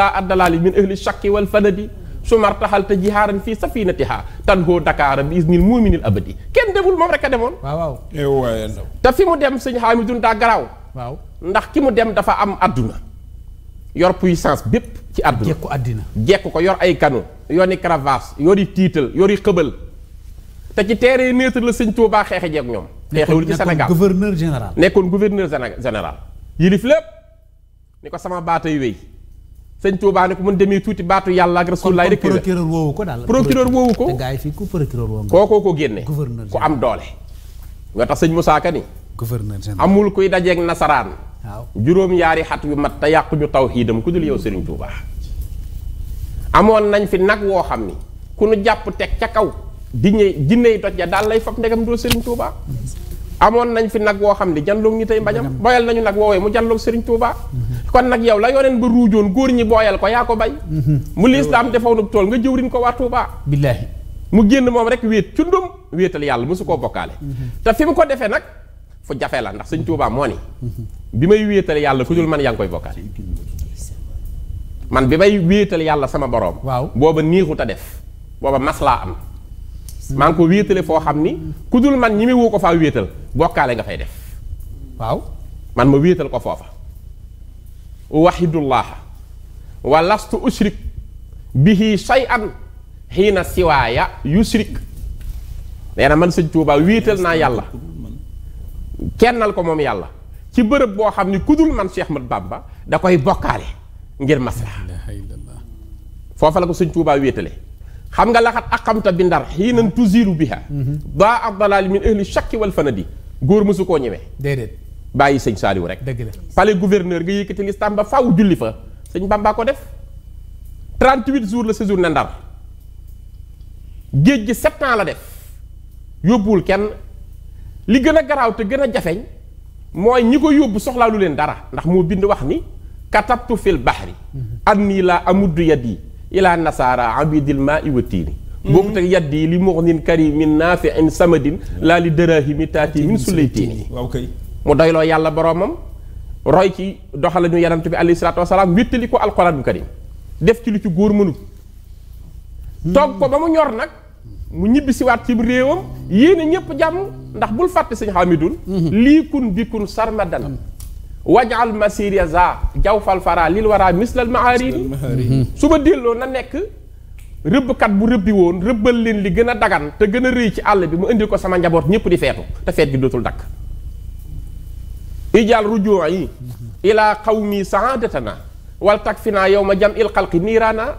أعداء الدلال من أهل الشك والفند su mar taxal te jihaaran fii safinatiha tan hoo Dakar bi isnil muminil abadi kenn demul moom rek a demoon. waaw waaw. te fi mu dem sëñ Hamidou daa garaaw. waaw ndax ki mu dem dafa am adduna. yor puissance bépp ci adduna jekku adduna. jekku ko yor ay kanu yori cravache yori tiital yori xëbal te ci terrain neutre la sëñ Touba xeexe jeeg ñoom. xeexewul ci Sénégal nekkoon gouverneur général. nekkoon gouverneur général yilif lépp ni ko sama baatay wéy. sëñ Touba ne ko mën demee tuuti baatu yàlla ak rasulullaay la procureur woowu ko daal procureur woowu ko gaa yi fii ku procureur woowu kookoo ko génne gouverneur ku am doole nga tax sëñ Moussa Ka ni gouverneur amul kuy dajeeg nasaraan waaw juróom yaari xat yu mat te yàquñu tawxiidam ku dul yow sëriñ Touba amoon nañ fi nag woo xam ni ku nu jàpp teg ca kaw di ñëw jinney doj ja daal lay fab ndegam doo sëriñ Touba amoon nañ fi nag woo xam ne janloog ñi tey mbañam boyal nañu nag woowee mu janloog Serigne Touba mhm. kon nag yow la yoneen ba ruujoon góor ñi booyal ko yaa ko bay mhm. mu lislaam defawnub tool nga jëwriñ ko waa Touba billaahi mu génn moom rek wéet cundum wéetal yàlla mosu koo bokkaale mhm. te fi mu ko defee nag fu jafe la ndax Serigne Touba moo bi may wéetal yàlla ku man yaa ngi koy bokkaale man bi may wéetal yàlla sama boroom waaw booba niixut a def booba maslaa am maa ngi ko wéetale foo xam ni ku dul man ñi muy woo ko faa wéetal bokkaale nga fay def waaw man ma wéetal ko foofa waxidullaha wa lastu usrik bihi shay'an xiina siwaaya yusrik nee na man sëñ Tuuba wéetal naa yàlla kennal ko moom yàlla ci bërëb boo xam ni kudul man Cheikh Mat Bamba da koy bokkaale ngir maslaha foofa la ko sëñ Tuuba wéetale xam nga laxat aqamta bi ndar xiinan tuziru biha daa abdalaali min ahli shakki wal fanadi góor mësu koo ñemee déedéet bàyyi sëñ Saliou rek dëgg la palais gouverneur nga yëkkati listam ba faw julli fa sëñ Bamba ko def trent 38 jours la séjour na Ndar géej gi sept la def yóbbuwul kenn li gën a garaaw te gën a jafeñ mooy ñi ko yóbbu soxlaa lu leen dara ndax moo bind wax ni katabtu fil bahri mhm. annii la amuddu yadi ila nasara abidil ma iwatiini boobu teg yàdd yi li muxnin karimin naafiin samadin laa li dërahimi taati min sulaytini waaw kay mu doyloo yàlla boroomam roy ci doxalinu yonent bi alayhi salaatu wasalaam wéttali ko alquraanul karim def ci lu ci góor mënut toog ko ba mu ñor nag mu ñibbi si waat ci réewam yéene ñëpp jàmm ndax bul fàtte sëñ xamidun mhm. lii kun bi kun sarmadan wajal masiriya za jawfal fara lil wara mislal maharini su delloo na nekk rëbbkat bu rëbbi woon rëbbal leen li gën a dagan te gën a rëy ci àll bi mu indil ko sama njaboot ñëpp di feetu te feet gi dootul dakk ijaal rujuu yi ilaa qawmi na wal tak fi naa yow ma jam il xalqi niiraana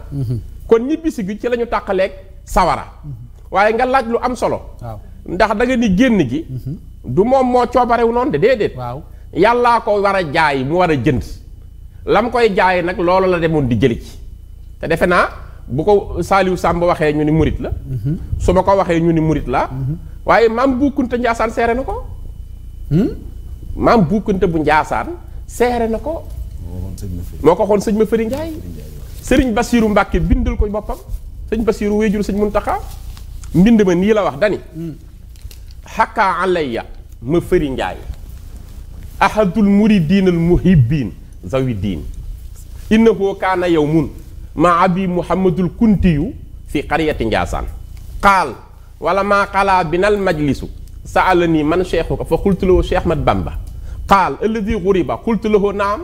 kon ñibbisi gi ci lañu ñu sawara waaye nga laaj lu am solo ndax da nga ni génn gi mhm. du moom moo coobarewu noonu de déedéet waaw yàllaa ko war a jaay mu war a jënd lam koy jaay nag loolu la demoon di jëli ci te defe naa bu ko Saliou Samba waxee ñu ni murit la mhm. su ma ko waxee ñu ni murit la mhm. waaye maam Bu Kunta Njaasaan seere na ko hmm? maam Bu Kunta bu Njaasaan seere na ko moo ko xoon sëñ ma Fëri Njaay sëriñ Basiiru Mbàkke bindal ko boppam sëñ Basiiru wéejuru sëñ Muntaxa mbind ma nii la wax dani xakkaa hmm. alayya ma Fëri Njaay ahadul muridiinal muhibbiin zawi diin innahu kaana yow mun مع أبي محمد الكنتي في قرية جاسان قال ولما قال بنا المجلس سألني من شيخك فقلت له شيخ مد بامبا قال الذي غريب قلت له نعم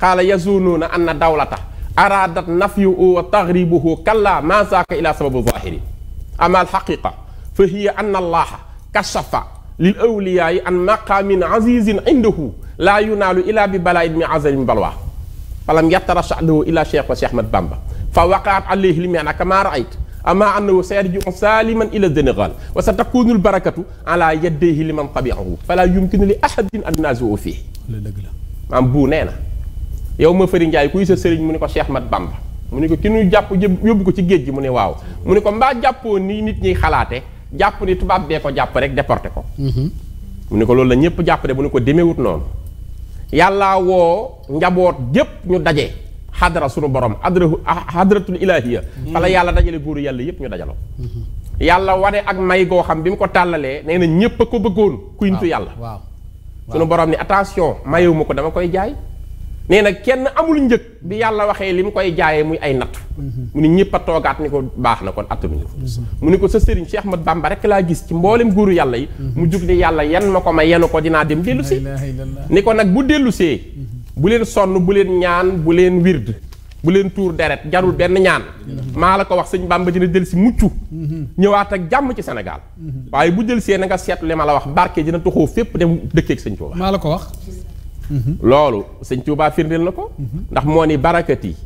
قال يزنون أن دولته أرادت نفيه وتغريبه كلا ما ذاك إلى سبب ظاهر أما الحقيقة فهي أن الله كشف للأولياء عن مقام عزيز عنده لا ينال إلا ببلاء من عزل بلواه falam yattara sa'dahu illa cheikh wa cheikh Ahmad Bamba fa waqaat alayhi limiana kama raayt ama annahu sayarji'u saliman ila Sénégal wa sa takunu l barakatu ala yadayhi liman tabi'ahu fala yumkinu li ahadin an nazu'u fihi maam bu nee na yow ma fëri Njaay kuy sa sëriñ mu ne ko Cheikh Mat ba mu ne ko ki ñu jàpp yóbbu ko ci géej gi mu ne waaw mu ne ko mbaa jàppoo nii nit ñiy xalaate jàpp ni tubaab bee ko jàpp rek déporté ko mhm. mu ne ko loolu la ñëpp jàpp de mu ne ko demewut noonu yàllaa woo njaboot yépp ñu daje xadra sunu borom xadra xadratul ilaahiya mm-hmm. fa la yàlla dajale góoru yàlla yépp ñu dajaloo mm-hmm. yàlla wane ak may goo xam bi mu ko tàllalee nee na ñépp a ko bëggoon kuy nitu yàlla sunu borom ni attention mayewu ma ko dama koy jaay nee na kenn amul njëg bi yàlla waxee li mu koy jaayee muy ay natt mhm. mu ni ñëpp a toogaat ni ko baax na kon attanuñu mhm. mu ni ko sa sëriñ Cheikh Ahmad Bamba rek laa gis ci mboolem góoru yàlla yi mhm. mu yàlla yan ma ko ma yenu ko dinaa dem dellu si ni ko nag bu dellu see bu leen sonn bu leen ñaan bu leen wird bu leen tuur deret jarul benn ñaan maa la ko wax sëñ Bamba dina dellu si mucc ñëwaat ak jàmm ci Sénégal waaye bu dellu see na nga seetlu li ma la wax barke dina toxoo fépp dem dëkkeeg sëñ Tuuba maa la ko wax lolu sëñ touba firndeel lako ndax moo ni barakati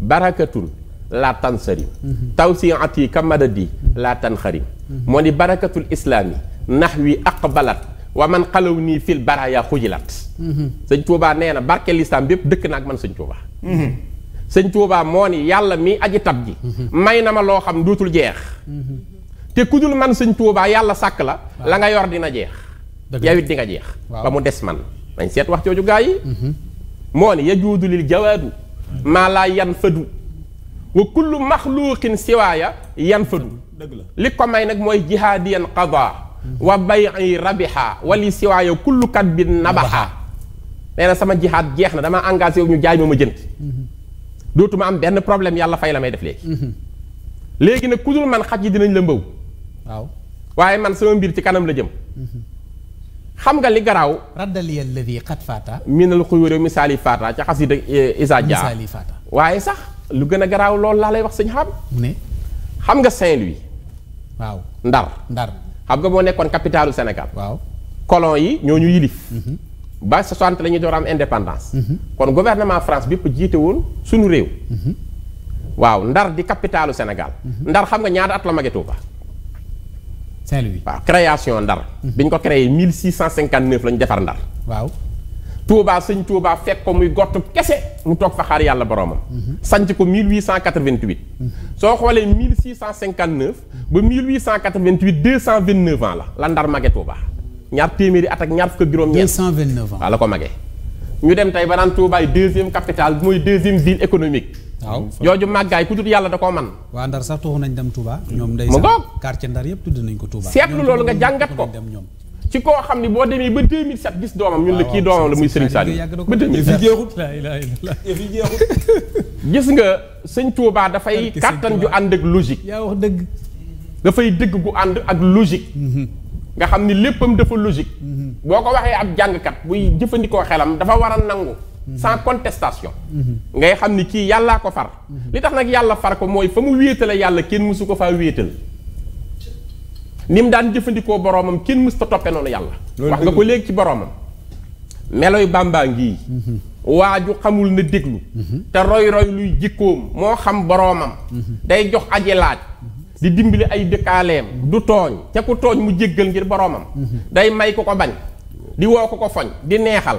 barakatul laa tansarim tawsiati kamadadi latan tanxarim moo barakatul IslamI, nahwi aqbalat wa man qalawni fil baraya khujilat sëñ touba neena na barke l'islam bepp dekk nak man sëñ touba sëñ touba moo ni mi aji tab ji may ma xam dutul jeex te kudul man sëñ touba yalla sak la la nga yor dina jeex yawit di nga jeex ba mu dess man dañ seet wax jooju gaa yi mhm. moo ne yajuudu lil jawaadu maa laa yan fadu wa kullu maxluuqin siwaaya yan fadu li ko may nag mooy jihaadiyan qadaa mhm. wa bay rabiha wali siwaaya kullu kat bi nabaxa nee na sama jihaad jeex na dama engagé wu ñu jaay ma ma jënd mhm. dootuma am benn problème yàlla fay la may def léegi léegi nag ku dul man xaj yi dinañ la mbaw waaw waaye man sama mbir ci kanam la jëm xam nga li Radalia raddali alladhi qad fata minal xuyuri misali fata ci xasida eh, isa dia misaali fata waye sax lu gëna a lool la lay wax señ xam ne xam nga Saint Louis waw ndar ndar xam nga moo nekkoon capitalu senegal waw colon yi ñoo ñu yilif mhm. ba 60 lañu door indépendance mhm. kon gouvernement France bipp jité won suñu rew mhm. waw ndar di capitalu Senegal. ndar xam nga ñaar at la saint création d'ar. Mhm. créé 1659 lañ défar waaw Touba Seigne Touba fekk ko muy kessé mu tok fa xaar mhm. ko 1888. 1659 mhm. ba 1888 229 ans la la Ndar Touba ñaar ñaar 229 ans la ko ñu dem Touba deuxième capitale deuxième ville économique. waaw jooju màggaay ku tudd yàlla da koo man waa ndar sax tuxu nañ dem Touba hmm. ñoom day mu ngoog quartier ndar yëpp tudd nañ ko Touba seetlu loolu nga jàngat ko dem ñoom ci koo xam ne boo demee ba 2007 gis doomam ñun la kii doomam la muy Serigne Saliou ba 2007 fi jeexut gis nga sëñ Touba dafay kàttan ju ànd ak logique yaa wax dëgg dafay dëgg gu ànd ak logique mm-hmm. nga xam ni léppam dafa logique mm-hmm. boo ko waxee ab jàngkat buy jëfandikoo xelam dafa war a nangu sans contestation ngay xam ni kii yàllaa ko far li tax nag yàlla far ko mooy fa mu wéetale yàlla kenn mësu ko faa wéetal ni mu daan jëfandikoo boroomam kenn mës ta toppe noonu yàlla wax nga ko léegi ci boroomam meloy bàmbaa ngii waa ju xamul na déglu te roy roy luy jikkoom moo xam boroomam day jox aji laaj di dimbali ay dëkkaaleem du tooñ te ku tooñ mu jéggal ngir boroomam day may ku ko bañ di woo ko ko foñ di neexal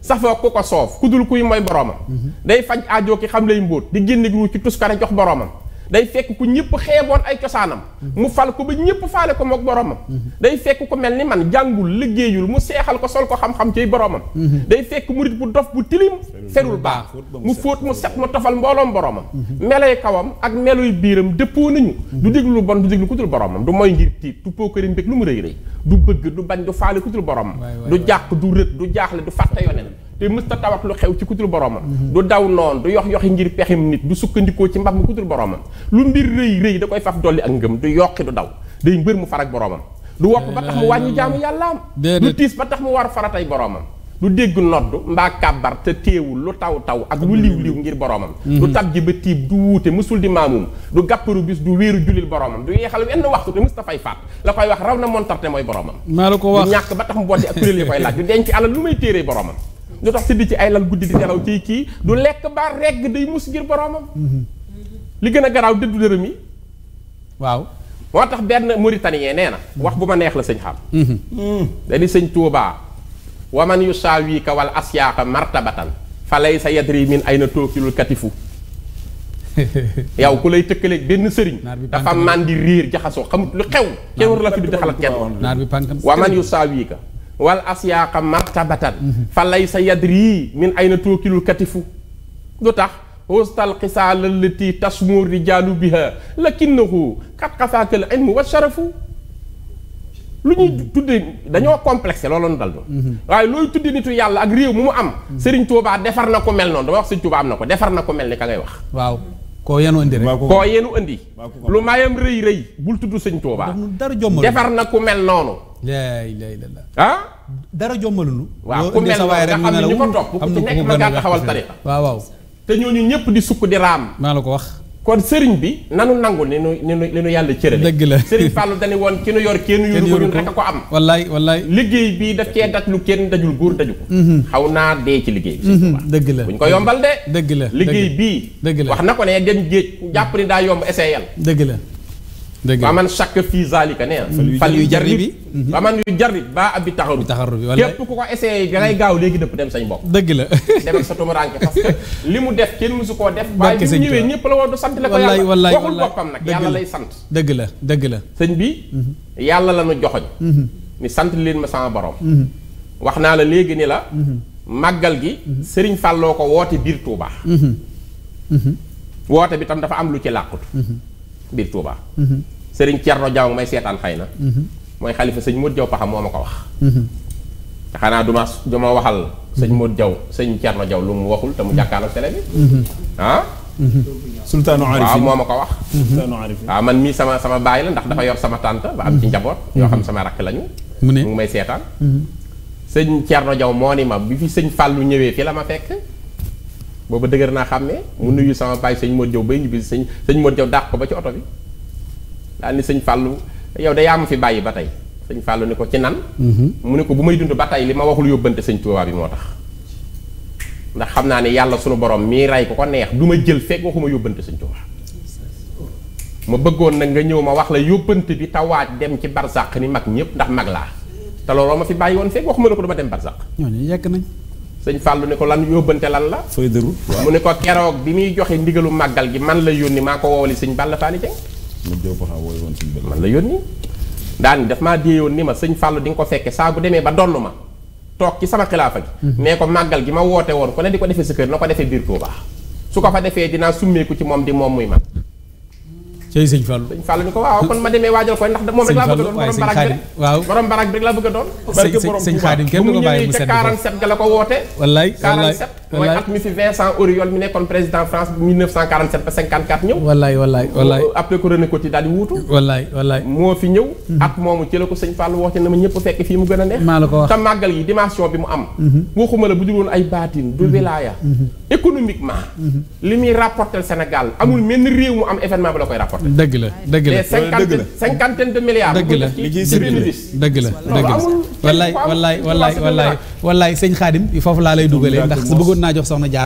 safoo ku ko soof ku dul kuy mooy boroomam mm-hmm. day faj aajo ki xam lay mbóot di génn gi ci tuskare jox boroomam day fekk ku ñëpp xeeboon ay cosaanam mm-hmm. mu fal ko ba ñëpp faale ko mook boromam mm-hmm. day fekk ku mel ni man jàngul liggéeyul mu seexal ko sol ko xam-xam ciy boromam day fekk murit bu dof bu tilim ferul baax mu fóot mu set mu tofal mbooloom boromam melay kawam ak meluy biiram dëppoo nañu du déglu lu bon du déglu ku dul boromam du mooy ngir tiit du pookari mbég lu mu rëy rëy du bëgg du bañ du faale ku dul borom du jàq du rët du jaaxle du fàtte yoneen te mës ta tawat lu xew ci kutul boromam mhm. du daw noon du yox yoxi ngir pexim nit du sukkandikoo ci mbax mu kutul boromam lu mbir rëy rëy da koy faf dolli ak ngëm du yokki du daw day mbër mu far ak boromam du wopp ba tax mu wàññi jaamu yàllaam du tiis ba tax mu war faratay boromam du dégg nodd mbaa kàbbar te téewul lu taw taw ak lu liw liw ngir boromam mhm. du tab ji ba tiib du wuute musul di maamum du gàpparu bis du wéeru julil boromam du yeexal wenn waxtu te Mustafay faat la koy wax raw na montarte mooy boromam maa la ko wax du ñàkk ba tax mu booti ak kuréel yi koy laaj du denc alal lu may téeree boromam du tax siddi ci ay lal guddi di nelaw ciy kii du lekk ba regg day mus ngir boromam mhm. li gën a garaaw dëddu dërëm yi waaw moo tax benn mauritanien nee na wax bu ma neex la sëñ xam mhm. dañu sëñ Tuubaa wa man yusaawika wal asiyaaqa martabatan fa lay sa yadri min ay na tookilul katifu yow ku lay tëkkaleeg benn sëriñ dafa màndi réer jaxasoo xamut lu xew kenn war la fi du dexalat kenn wa man yusaawika wal asiyaaqa martabatan mhm. fa lay sa yadri min ay na tookilul katifu lu tax hostal xisaal allati tasmu rijaalu biha lakinnahu qad qafaaka al ilmu wa sharafu lu ñuy tuddee dañoo complexé loolu nu dal doon mhm. waaye looy tuddee nitu yàlla ak réew mu mu am mhm. Serigne Touba defar na ko mel noonu dama wax Serigne na ko defar na ko mel ni ka ngay wax waaw koo yenu andi rek koo yenu andi lu maayam rëy rëy bul tudd Serigne Touba defar na ku mel noonu laa ilaaha illallaah ah dara jommalunu waaw ku mel noonu nga xam ne ñu ko topp ku ci nekk ma ngaa taxawal tariqa waaw waaw te ñooñu ñëpp di sukk di raam maa la ko wax kon sëriñ bi nanu nangu li nu li nu yàlla cërale dëgg la sëriñ Fallou dañu woon ki nu yor kenn yoru ko ñun rek a ko am wallaay wallaay liggéey bi def cee daj lu kenn dajul góor daju ko mhm. xaw naa dee ci liggéey bi mhm, dëgg la buñ ko yombal de dëgg la liggéey bii dëgg la wax na ko ne dem géej jàpp ni daa yomb essayal dëgg la dëgg la man chaque fii zalika ne fal yu jarri bi ba man yu jarri baa ab bi taxaru bi taxaru bi képp ku ko essayé da ngay gaaw léegi dëpp dem sañ bopp dëgg la dem sa tumuranke parce que li mu def kenn musu koo def waaye bi mu ñëwee ñëpp la war du sant la ko yàlla waxul boppam nag yàlla lay sant dëgg la dëgg la sëñ bi mhm. la nu joxoñ mhm. ni sant leen ma sama borom mhm. wax naa la léegi ni la màggal gi sëriñ fàlloo ko woote biir Tuubaa woote bi tam dafa am lu ci làqutu biir Touba. Mhm. Serigne Thierno Diaw may seetaan xëy na. Mhm. mooy xalifa sëñ Modou Diaw Paxam moo ma ko wax. Mhm. te xanaa duma ma waxal. sëñ Modou jaw sëñ Thierno jaw lu mu waxul te mu jàkkaarloog télé bi. ah. sultaanu Arifin waaw moo ma ko wax. sultaanu Arifin waaw ah, man mii sama sama baay la ndax dafa yor sama tante ba am ci njaboot. yoo xam sama rakk lañu. mu ne mu ngi may seetaan. sëñ Thierno Diaw moo ni ma bi fi sëñ fàllu ñëwee fii la ma fekk. booba dëgër naa xam ne mu nuyu sama baay sañ Modou Diaw bay ñibbi sañ sëñ Modou Diaw dàq ko ba ci oto bi daal ni sëñ Fallou yow de yaa ma fi bàyyi ba tey sëñ Fallou ni ko ci nan mhm. mu ne ko bu may dund ba tey li ma waxul yóbbante sëñ Touba bi moo tax ndax xam naa ne yàlla sunu borom mii ray ko ko neex du ma jël fekk waxuma yóbbante sañ Touba ma bëggoon nag nga ñëw ma wax la yóbbante bi tawaaj dem ci barsàq ni mag ñëpp ndax mag laa te looloo ma fi bàyyi woon fekk waxuma ne ko dama dem barsàq ñooñu yegg nañ sëñ fàllu ne ko lan yóbbante lan la. feuille de mu ne ko keroog bi muy joxee ndigalu màggal gi man la yónni maa ko woowali sëñ Balla Fally Dieng. man la yónni. daan daf maa déeyoon ni ma sëñ Fallou di nga ko fekke saa bu demee ba donn ma toog ci sama xilaafa gi. Mhm. nee ko màggal gi ma woote woon ku ne di ko defee sa kër na ko defee biir Touba su ko fa defee dinaa summeeku ci moom di moom muy man tey sëñ Fallou sëñ Fallou ni ko waaw kon ma demee waajal koy ndax moom rek laa bëgg doon borom baraag bi laa bëgg doon sëñ Xaadim ko bàyyi mu sedd 47 ga la ko woote wallaay mooy at mi fi Vincent Auriol mi nekkoon président France 1947 ba 54 ñëw. wallaay wallaay wallaay après ko René Coty daal di wuutu. wallaay wallaay moo fi ñëw. Mhm. at moomu ci la ko sëñ Fallou woote na ma ñëpp fekk fii mu gën a neex. maa la ko wax te màggal yi dimension bi mu am. Mhm. waxuma la bu juróon ay baatin du mhm. wilaaya. économiquement. li muy rapporter Sénégal amul menn réew mu am événement bi la koy rapporter. dëgg la dëgg la 50 cinquantaine de milliards. dëgg la dëgg la dëgg la wallaay wallaay wallaay wallaay Seigne Khadim foofu laa lay dugalee ndax bëggoon naa jox soxna jaar